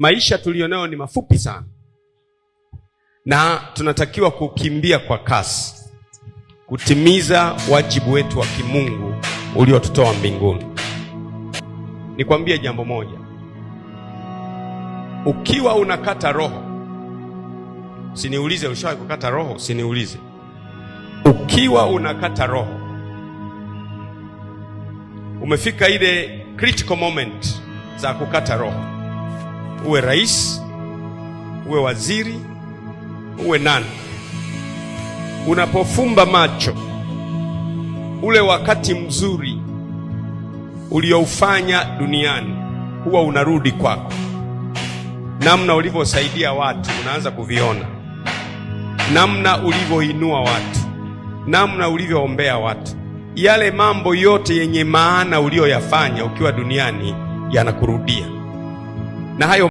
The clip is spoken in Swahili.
maisha tuliyonayo ni mafupi sana, na tunatakiwa kukimbia kwa kasi kutimiza wajibu wetu wa kimungu uliotutoa mbinguni. Nikwambie jambo moja, ukiwa unakata roho, siniulize ushawahi kukata roho, siniulize Ukiwa unakata roho, umefika ile critical moment za kukata roho uwe rais, uwe waziri, uwe nani, unapofumba macho ule wakati mzuri ulioufanya duniani huwa unarudi kwako. Namna ulivyosaidia watu unaanza kuviona, namna ulivyoinua watu, namna ulivyoombea watu, yale mambo yote yenye maana uliyoyafanya ukiwa duniani yanakurudia na hayo